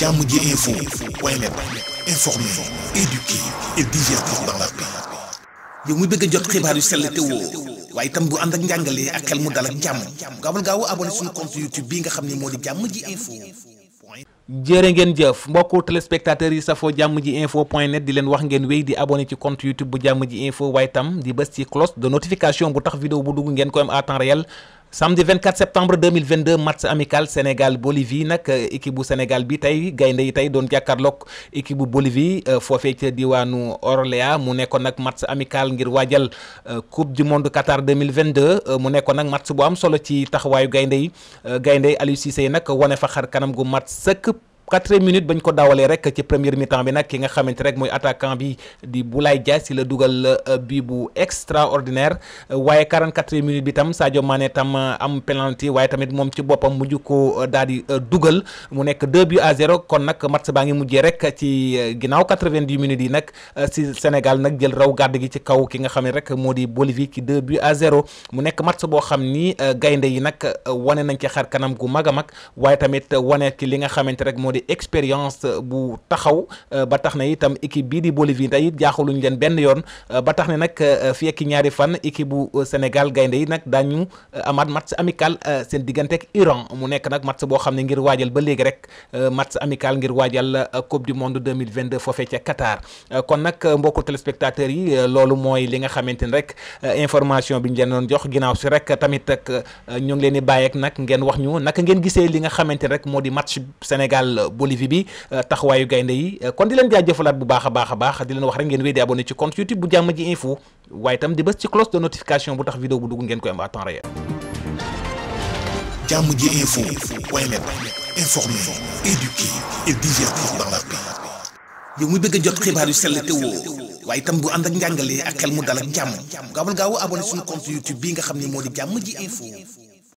jàmm ji info point a jot xibaar yu sell te woo waaye itam bu ànd ak njàngalee ak xel mu dal ak jàmm gaawal gaaw abonné bii nga xam ne moo di jàmm ji info. jërë ngeen jëf mbokku téléspectateurs yi safoo jàmm ji info point net di leen wax ngeen wéy di abonné ci compte YouTube bu jàmm ji info waaye tam di bës ci cloche de notification bu tax vidéo bu dugg ngeen ko am réel. samedi 24 septembre 2022 match amical Sénégal Bolivie nag euh, équipe bu Sénégal bi tey gaynde yi tey doon jàkkaarloog équipe bu Bolivie euh, foofee ca diwaanu Orléans mu nekkoon nag match amicale ngir waajal euh, coupe du monde Qatar 2022 mu nekkoon nag mats bu am solo ci taxawaayu gaynde yi gaynde Aliou Cissé nag wane fa xar kanam gu mat sëkk. quatrième minute bañ ko dawalee rek ci première mi-temps bi nag ki nga xamante rek mooy attaquant bi di bu Boulaye Dia si la dugal euh, bi bu extraordinaire euh, waaye 44e minute bi tam Sadio Mané tam euh, am penalty waaye tamit moom ci boppam mujj ko daal di dugal mu nekk 2 buts à 0 kon nag match baa ngi mujjee rek ci ginnaaw 90 minutes yi nag si Sénégal nag jël raw gàdd gi ci kaw ki nga xam ne rek moo di Bolivie ci de buts à 0 mu nekk match boo xam ni gaynde yi nag wane nañ ci xar kanam gu mag a mag waaye tamit wane ci li nga xamante rek moo di expérience bu taxaw euh, ba tax na itam équipe bii di Bolivie tey it jaaxaluñ leen benn yoon euh, ba tax ne nag euh, fii ak ñaari fan équipe bu Sénégal gaynde yi nag daañu amaat match amical seen diggante ak Iran mu nekk nag match boo xam ne ngir waajal ba léegi rek match amical ngir waajal coupe du monde 2022 foofee ca Qatar kon nag mbokku téléspectateurs yi loolu mooy li nga xamante ni rek information bi ñu leen doon jox ginnaaw si rek tamit ak ñu ngi leen di bàyyeek nag ngeen wax ñu naka ngeen gisee li nga xamante ni rek moo di match Sénégal Bolivie bi euh, taxawaayu gaynde yi euh, kon di leen jaajëfalaat bu baax a baax a baax di leen wax rek ngeen wéy di abonné ci compte YouTube bu jàmm ji info waaye itam di bës ci cloche de notification bu tax vidéo bu dugg ngeen koy am à temps réel. jàmm ji info waaye nag informer, éduquer et divertir dans la paix. yow mi bëgg a jot xibaar yu sell te woo waaye itam bu ànd ak njàngalee ak xel mu dal ak jàmm gaawal gaaw abonné suñu compte YouTube bii nga xam ne moo di jàmm ji info